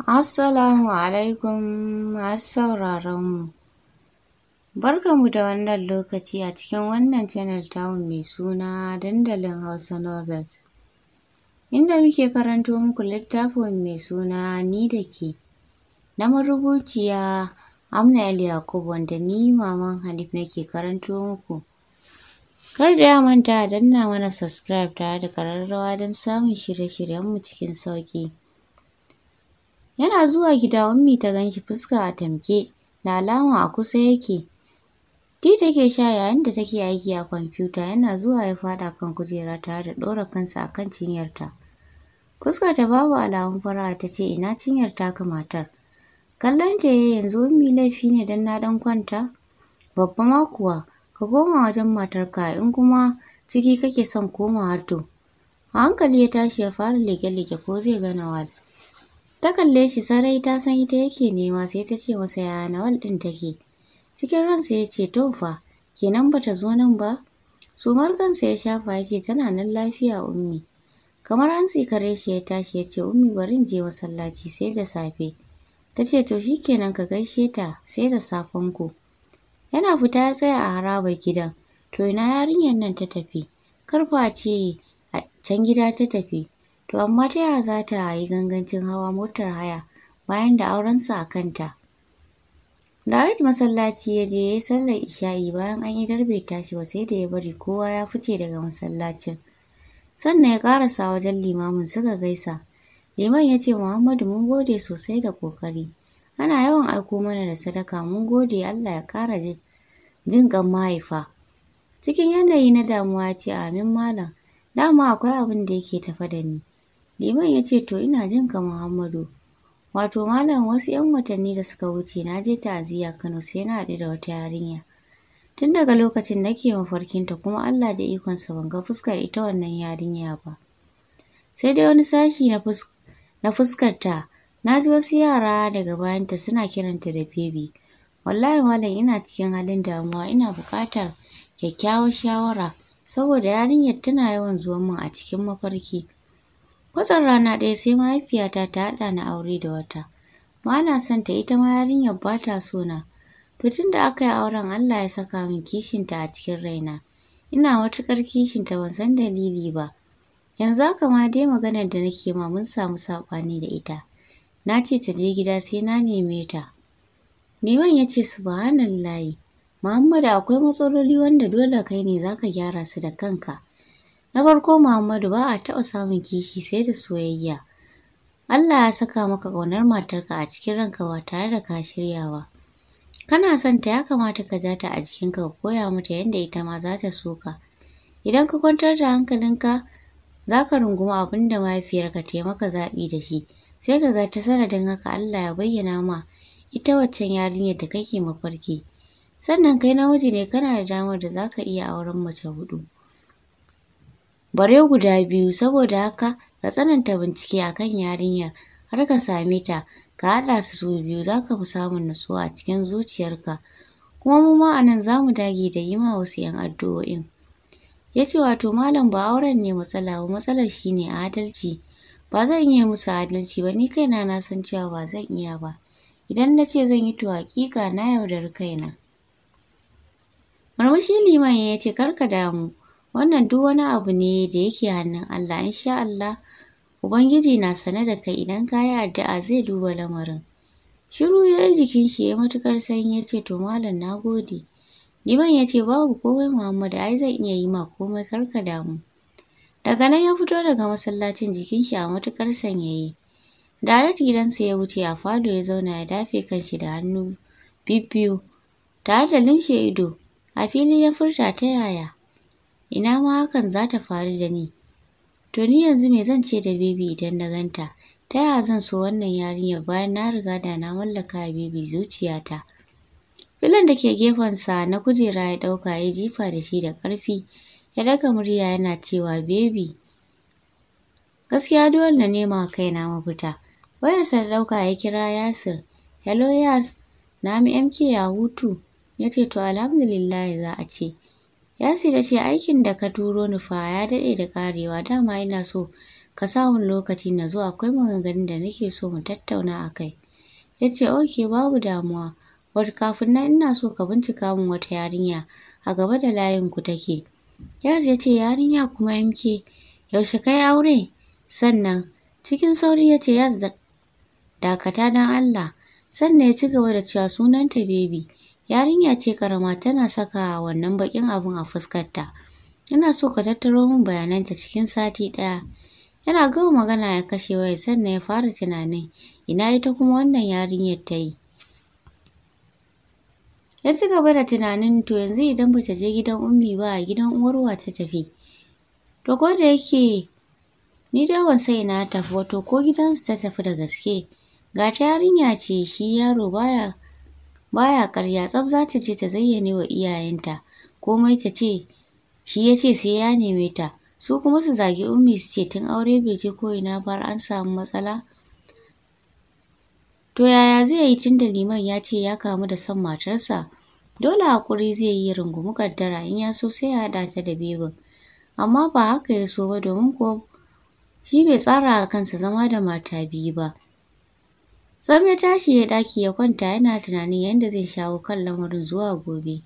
Assalamu alaikum masu sauraron mu. Barkanmu da wannan lokaci a cikin wannan channel tamu mai suna dandalin Hausa Novels. Inda muke karanto muku littafin mai suna Ni da ke na marubuciya Amna El Yakub wanda ni maman Hanif nake karanto muku. Kar da ya manta danna mana subscribe tare da kararrawa don samun shirye-shiryenmu cikin sauƙi. Yana zuwa gida Ummi ta ganshi fuska a tamke, da alama a kusa yake. Ti take sha yayin da take aiki a kwamfuta yana zuwa ya faɗa kan kujera tare da ɗora kansa a kan cinyarta. Fuska ta babu alamun fara'a ta ce ina cinyar ta ka matar. Kallon ta ya yanzu Ummi laifi ne don na dan kwanta? Babba ma kuwa ka koma wajen matarka in kuma ciki kake son komawa to. A hankali ya tashi ya fara leke-leke ko zai gana Nawal. Ta kalle shi sarai ta san ita yake nema sai ta ce masa ya Nawal ɗin take. Cikin ransa ya ce to fa kenan ta zo nan ba? Sumar kansa ya shafa ya ce tana nan lafiya ummi. Kamar an kare shi ya tashi ya ce ummi bari je masallaci sai da safe. Ta ce to shi kenan ka gaishe ta sai da safen ku. Yana fita ya tsaya a harabar gidan. To ina yarinyar nan ta tafi? Karfa ce a can gida ta tafi. To amma ta yaya za ta yi gangancin hawa motar haya bayan da auren sa a kanta? Direct masallaci ya je ya yi sallar isha'i bayan an yi darbe tashi ba sai da ya bari kowa ya fice daga masallacin. Sannan ya karasa wajen limamin suka gaisa. Liman ya ce Muhammadu mun gode sosai da kokari. Ana yawan aiko mana da sadaka mun gode Allah ya kara jin kan mahaifa. Cikin yanayi na damuwa ya ce amin malam. Dama akwai abin da yake tafa da ni. Liman ya ce to ina jin ka Muhammadu. Wato malam wasu ‘yan watanni da suka wuce na je ta'aziyya Kano sai na haɗu da wata yarinya. Tun daga lokacin nake mafarkinta kuma Allah da ikonsa ban ga fuskar ita wannan yarinya ba. Sai dai wani sashi na na fuskarta na ji wasu yara daga bayanta suna kiranta da febi. Wallahi malam ina cikin halin damuwa ina buƙatar kyakkyawar shawara saboda yarinyar tana yawan zuwan min a cikin mafarki. Kwatsar rana ɗaya sai mahaifiyata ta haɗa ni aure da wata. Ba na son ta ita ma yarinyar ba ta so na. To tun da aka yi auren Allah ya saka min kishinta a cikin raina. Ina matuƙar kishinta ban san dalili ba. Yanzu haka ma dai maganar da nake ma mun samu saɓani da ita. Na ce ta je gida sai na neme ta. Neman ya ce layi. Muhammadu akwai matsaloli wanda dole kai ne za ka gyara su da kanka. Na farko Muhammadu ba a taɓa samun kishi sai da soyayya. Allah ya saka maka ƙaunar matarka a cikin ranka ba tare da ka shirya ba. Kana son ta ya kamata ka ja ta a jikinka ka koya mata yadda ita ma za ta so ka. Idan ka kwantar da hankalinka za ka rungumi abin da mahaifiyarka ta yi maka zaɓi da shi. Sai ka ga ta sanadin haka Allah ya bayyana ma ita waccan yarinyar da kake mafarki. Sannan kai namiji ne kana da damar da za ka iya auren mace huɗu. bare guda biyu saboda haka ka tsananta bincike a kan yarinyar har ka same ta ka haɗa su su biyu za ka fi samun nutsuwa a cikin zuciyarka kuma mu ma a za mu dage da yi ma wasu 'yan addu'o'in. Ya ce wato malam ba auren ne matsala ba matsalar shi ne adalci ba zan iya musu adalci ba ni kaina na san cewa ba zan iya ba idan na ce zan yi to hakika na yaudari kaina. Murmushi liman ya ce ka damu wannan duk wani abu ne da yake hannun Allah In sha Allah ubangiji na sane da kai idan ka addu'a zai duba lamarin shiru ya yi jikin shi ya matukar sanyi ya ce to malam na gode liman ya ce babu komai muhammad ai zan iya yi ma komai karka damu daga nan ya fito daga masallacin jikin shi a matukar sanyaye Darat gidansa ya wuce a fado ya zauna ya dafe kanshi da hannu bibbiyu tare da limshe ido a fili ya furta ta yaya ina ma hakan za ta faru da ni. To ni yanzu me zan ce da Baby idan na ganta? Ta yaya zan so wannan yarinyar bayan na riga da na mallaka bebi Baby zuciyata? Filin da ke gefensa na kujera ya ɗauka ya jifa da shi da ƙarfi. Ya daga murya yana cewa bebi gaskiya dole na nema kaina mafita. Wayarsa da ɗauka ya kira Yasir. Hello Yas, na mi MK ya hutu. Ya ce to alhamdulillah za a ce. Yasir ya ce aikin da ka turo ni fa ya daɗe da ƙarewa dama yana so ka sa lokaci na zuwa akwai maganganun da nake so mu tattauna a kai. Ya ce ok babu damuwa wata kafin na ina so ka bincika min wata yarinya a gaba da layin ku take. Yasir ya ce yarinya kuma MK yaushe kai aure sannan cikin sauri ya ce ya dakata don Allah sannan ya ci gaba da cewa sunanta Baby. Yarinya ce karama tana saka wannan bakin abun a fuskarta. Ina so ka tattaro min bayanan ta cikin sati ɗaya. Yana gama magana ya kashe waya sannan ya fara tunanin ina ita kuma wannan yarinyar ta yi. Ya ci gaba da tunanin to yanzu idan ba ta je gidan ummi ba gidan uwarwa ta tafi. To ko da yake ni dai ban sai na tafi wato ko gidansu ta tafi da gaske. Ga ta yarinya ce shi yaro baya baya ya ƙarya, tsaf za ta ce ta zayyane wa iyayenta komai ta ce shi ya ce sai ya neme ta, su kuma su zagi Ummi su ce tun aure bai je ina ba an samu matsala. To yaya zai yi tunda liman ya ce ya kamu da son matarsa? Dole hakuri zai yi rungumi kaddara in ya so sai ya haɗa ta da bebin. Amma ba haka ya so ba domin kuwa shi bai tsara kansa zama da mata biyu ba. Sam ya tashi ya daki ya kwanta yana tunanin yadda zai shawo kan lamarin zuwa gobe.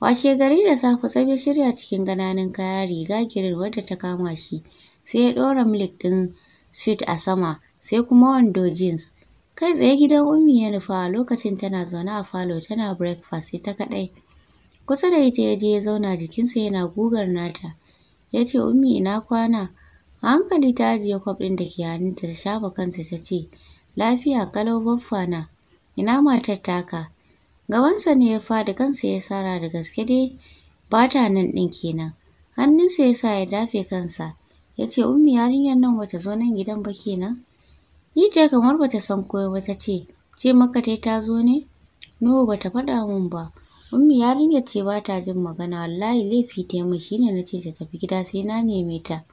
Washe gari da safe Sam ya shirya cikin gananin kaya riga girin wadda ta kama shi sai ya ɗora milik ɗin suit a sama sai kuma wando jeans. Kai tsaye gidan Ummi ya nufa a lokacin tana zaune a falo tana breakfast ita kaɗai. Kusa da ita ya je ya zauna jikinsa yana gugar nata. Ya ce Ummi ina kwana. A hankali ta ajiye kwaf ɗin da ke hannunta ta shafa kansa ta ce Lafiya ƙalau baffana, ina matar taka? Gabansa ne ya faɗi kansa ya sara da gaske dai ba ta nan ɗin kenan. Hannunsa ya sa ya dafe kansa ya ce ummi yarinyar nan bata zo nan gidan ba kenan. ta kamar bata san koyo ba ta ce ce maka dai ta zo ne? No bata faɗa mun ba. Ummi yarinyar ce ba ta jin magana wallahi laifi ta yi min shine na ce ta tafi gida sai na neme ta.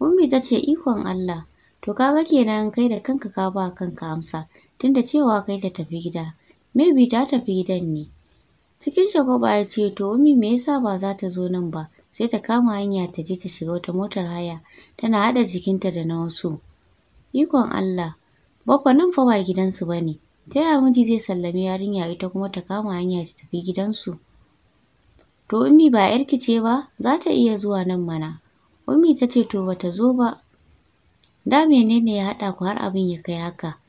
Ummi ta ce ikon Allah To kaga kenan kai da kanka ka ba kanka amsa tunda cewa kai ta tafi gida. Maybe ta tafi gidan ne. Cikin shagwaba ya ce to Ummi me yasa ba za ta zo nan ba sai ta kama hanya ta je ta shiga wata motar haya tana haɗa jikinta da na wasu. Ikon Allah Baffa nan fa ba gidansu ba ne. Ta yaya miji zai sallami yarinya ita kuma ta kama hanya ta tafi gidansu? To Ummi ba ‘yarki ce ba za ta iya zuwa nan mana. Ummi ta ce to bata zo ba. Da menene ya haɗa ku har abin ya kai haka?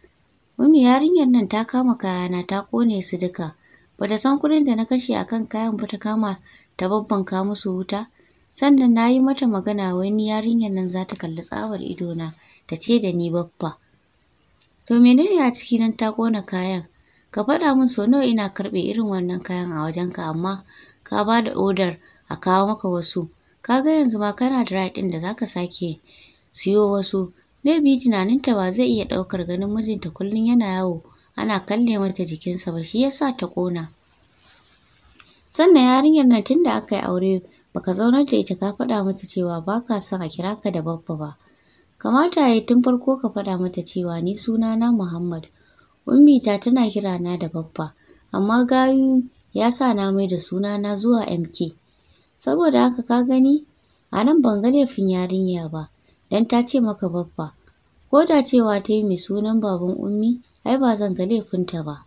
Mummy yarinyar nan ta kama kayana ta kone su duka. Ba ta san kuɗin da na kashe akan kayan ba ta kama ta babbanka musu wuta. Sannan na yi mata magana wai yarinyar nan za ta kalli tsabar idona ta ce da ni babba. To menene a ciki nan ta kona kayan? Ka faɗa min so nawa ina karɓe irin wannan kayan a wajenka amma ka ba da odar a kawo maka wasu. Ka ga yanzu ma kana da right ɗin da za ka sake siyo wasu Maybe tunaninta ba zai iya ɗaukar ganin mijinta kullum yana yawo ana kalle mata jikinsa ba shi ya sa ta ƙona. Sannan yarinyar nan tun da aka yi aure baka zaunar da ita ka faɗa mata cewa ba ka son a kira ka da babba ba. Kamata ya yi tun farko ka faɗa mata cewa ni suna na Muhammad. Ummi ta tana kira na da babba amma gayu ya sa na mai da suna na zuwa MK. Saboda haka ka gani a nan ban ga laifin yarinya ba. dan ta ce maka babba ko da cewa ta yi mai sunan baban ummi ai ba zan ga laifinta ba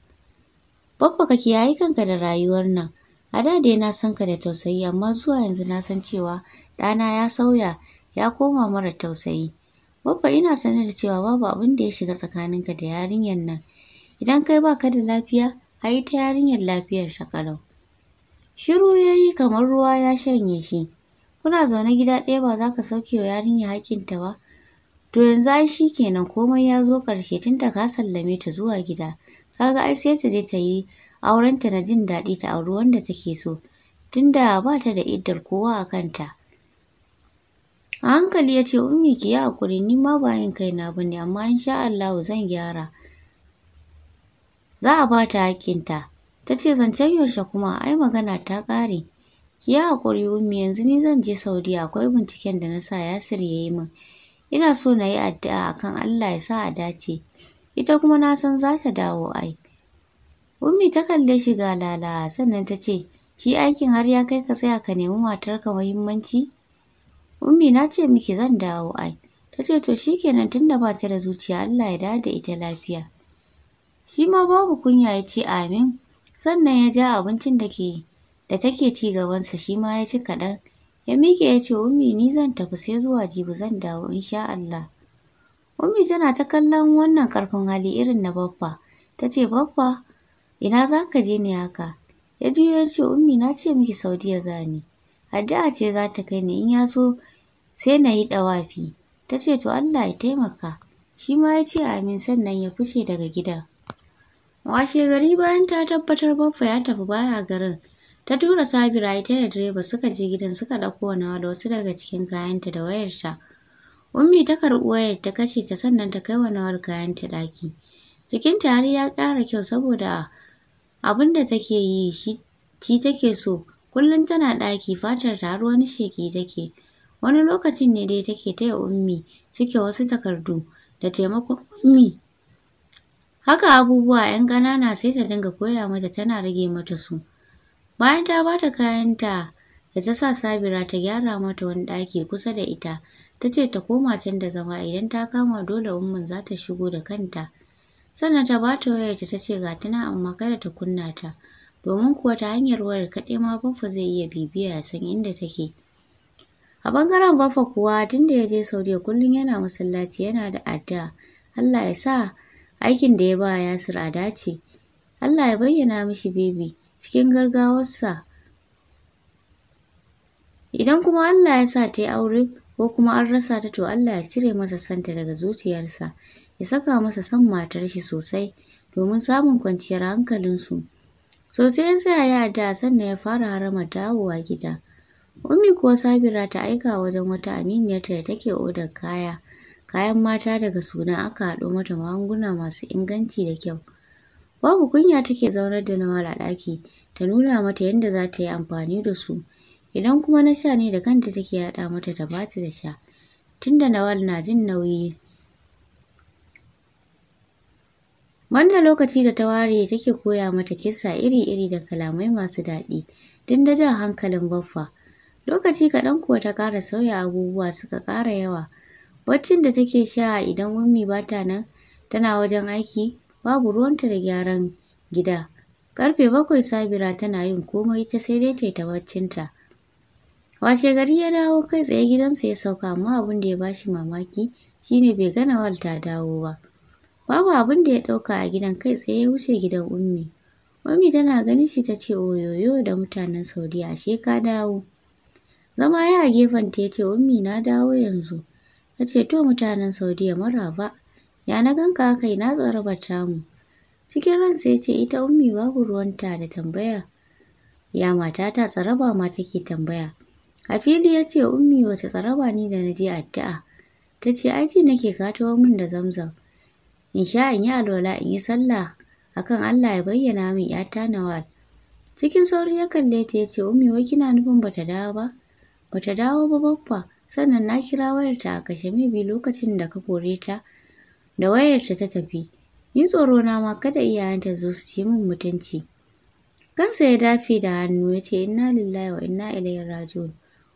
babba ka kiyaye kanka da rayuwar nan a da dai na san ka da tausayi amma zuwa yanzu na san cewa ɗana ya sauya ya koma mara tausayi babba ina sanar da cewa babu abin da ya shiga tsakaninka da yarinyar nan idan kai ba ka da lafiya a yi ta yarinyar lafiyar ta shiru ya yi kamar ruwa ya shanye shi kuna zaune gida ɗaya ba za ka sauke wa yarinya haƙƙinta ba to yanzu ai shi kenan komai ya zo ƙarshe tun da ka sallame ta zuwa gida ka ga ai sai ta je ta yi aurenta na jin daɗi ta auri wanda take so tunda ba ta da iddar kowa a kanta a hankali ya ce ummi ki yi haƙuri ni ma ba yin kaina ba ne amma in sha Allahu zan gyara za a ba ta haƙƙinta ta ce zancen yaushe kuma ai magana ta ƙare Ki yi haƙuri ummi yanzu ni zan je Saudi akwai binciken da na sa Yasir ya yi min. Ina so na yi addu'a akan Allah ya sa a dace. Ita kuma na san za ta dawo ai. Ummi ta kalle shi ga lala sannan ta ce, Shi aikin har ya kai ka tsaya ka nemi matar ka muhimmanci? Ummi na ce miki zan dawo ai. Ta ce to shikenan tunda ba ta da zuciya Allah ya dawo ita lafiya. Shi ma babu kunya ya ce amin. Sannan ya ja abincin da ke yi. da take ci gabansa shi ma ya ci kaɗan. Ya miƙe ya ce, Ummi ni zan tafi sai zuwa jibi zan dawo in sha Allah. Ummi tana ta kallon wannan ƙarfin hali irin na babba. Ta ce, Babba, ina za ka je ni haka? Ya juyo ya ce, Ummi na ce miki Saudiya za ni. Addu'a ce za ta kai ni in ya so sai na yi ɗawafi. Ta ce, To Allah ya taimaka. Shi ma ya ce amin sannan ya fice daga gida Washe gari bayan ta tabbatar Baffa ya tafi baya garin, Ta tura Sabira ita da direba suka je gidan suka ɗauko nawa da wasu daga cikin kayanta da wayarta. Ummi ta karɓi wayar ta kashe ta sannan ta kai wa nawar kayanta ɗaki. Jikinta har ya ƙara kyau saboda abin da take yi shi take so. Kullum tana ɗaki fatar ta har wani sheƙi take. Wani lokacin ne dai take taya Ummi cike wasu takardu da taimakon Ummi. Haka abubuwa ‘yan ƙanana sai ta dinga koya mata tana rage mata su. Bayan ta ba ta kayanta da ta sa Sabira ta gyara mata wani ɗaki kusa da ita, ta ce ta koma can da zama idan ta kama dole ummin za ta shigo da kanta. Sannan ta bata ta wayarta ta ce ga tana amma kada ta kunna ta, domin kuwa ta hanyar wayar kaɗai ma Baffa zai iya bibiya ya san inda take. A ɓangaren Baffa kuwa tun da ya je Saudiya kullum yana masallaci yana da addu'a. Allah ya sa aikin da ya ba Yasir a dace. Allah ya bayyana mishi bebi. cikin gaggawarsa idan kuma Allah ya sa ta yi aure ko kuma an rasa ta to Allah ya cire masa santa daga zuciyarsa ya saka masa son matar shi sosai domin samun kwanciyar hankalinsu sosai ya tsaya ya da sannan ya fara harama dawowa gida Ummi ko Sabira ta aika wajen wata aminiyarta da take odar kaya kayan mata daga suna aka haɗo mata magunguna masu inganci da kyau Babu kunya take zaunar da Nawal a ɗaki ta nuna mata yadda za ta yi amfani da su. Idan kuma na sha ne da kanta take haɗa mata ta bata da sha. Tunda Nawal na jin nauyi Wannan lokaci da ta ware take koya mata kissa iri-iri da kalamai masu daɗi, tunda da jan hankalin Baffa. Lokaci kaɗan kuwa ta ƙara sauya abubuwa suka ƙara yawa. Baccin da take sha idan Ummi bata nan tana wajen aiki babu ruwanta da gyaran gida. Karfe bakwai Sabira tana yin komai ta sai dai ta baccinta. Washe gari ya dawo kai tsaye gidansa ya sauka amma abin da ya bashi mamaki shine bai gana wal ta dawo ba. Babu abin da ya ɗauka a gidan kai tsaye ya wuce gidan Ummi. Ummi tana ganin shi ta ce oyoyo da mutanen Saudiya ashe ka dawo. Zama ya a gefen ta ya ce Ummi na dawo yanzu. Ta ce to mutanen Saudiya maraba. Ya na ganka haka ina tsarabar mu. Cikin ransa ya ce ita ummi babu ruwan ta da tambaya. Ya matata tsaraba ma take tambaya. A fili ya ce ummi wata tsaraba ni da na je addu'a. Ta ce ai ji nake katuwa min da zamzam. In sha in yi alwala in yi sallah akan Allah ya bayyana min ‘yata Nawal. Cikin sauri ya kalle ta ya ce ummi wai kina nufin bata dawo ba? Bata dawo ba babba sannan na kira wayarta a kashe bi lokacin da ka kore ta da wayarta ta tafi. Ni tsoro na ma kada iyayenta zo su ci min mutunci. Kansa ya dafe da hannu ya ce inna lillahi wa inna ilaihi raji'un.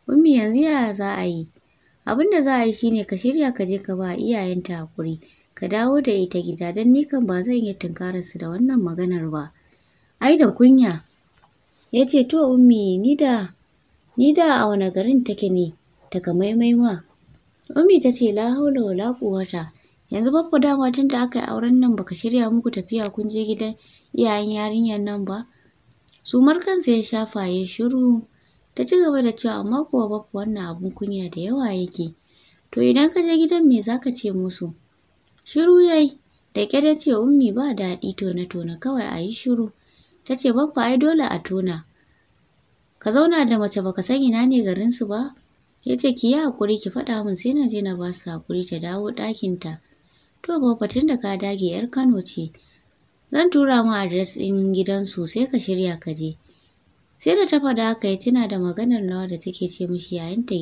Ummi yanzu yaya za a yi? Abin da za a yi shine ka shirya ka je ka ba iyayenta hakuri, ka dawo da ita gida don ni kan ba zan yi tunkarar su da wannan maganar ba. Ai da kunya. Ya ce to Ummi ni da ni da a wani garin take ne taka maimaiwa Ummi ta ce la haula wala quwwata yanzu babba dama tun da aka yi auren nan baka shirya muku tafiya kun je gidan iyayen yarinyar nan ba su kansa ya shafa ya shiru ta ci gaba da cewa amma kuwa babba wannan abun kunya da yawa yake to idan ka je gidan me zaka ce musu shiru yayi da ke da ce ummi ba daɗi tona tona kawai a yi shiru ta ce babba ai dole a tona ka zauna da mace baka san ina ne garinsu ba ya ce ki yi hakuri ki faɗa min sai na je na ba su haƙuri ta dawo ɗakinta To Baffa tun da ka dage 'yar Kano ce, zan tura mu adres ɗin gidansu sai ka shirya ka je. Sai da ta faɗa haka ya tuna da maganar nawa da take ce mishi yayin ta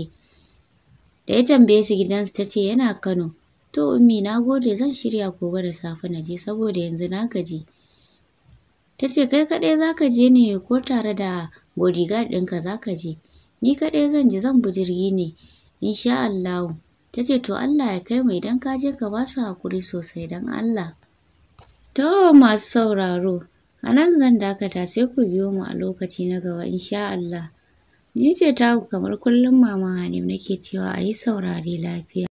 da ya tambaye su gidansu ta ce yana Kano. To ummi na gode zan shirya gobe da safe na je saboda yanzu na gaji. Ta ce kai kaɗai za je ne ko tare da bodyguard ɗinka za ka je. Ni kaɗai zan ji zan bi jirgi ne insha Allahu. ta ce to Allah ya kai mu idan ka je ka ba su haƙuri sosai don Allah. To masu sauraro, a nan zan dakata sai ku biyo mu a lokaci na gaba insha Allah. Ni ce ta kamar kullum Mama Hanim nake cewa a yi saurare lafiya.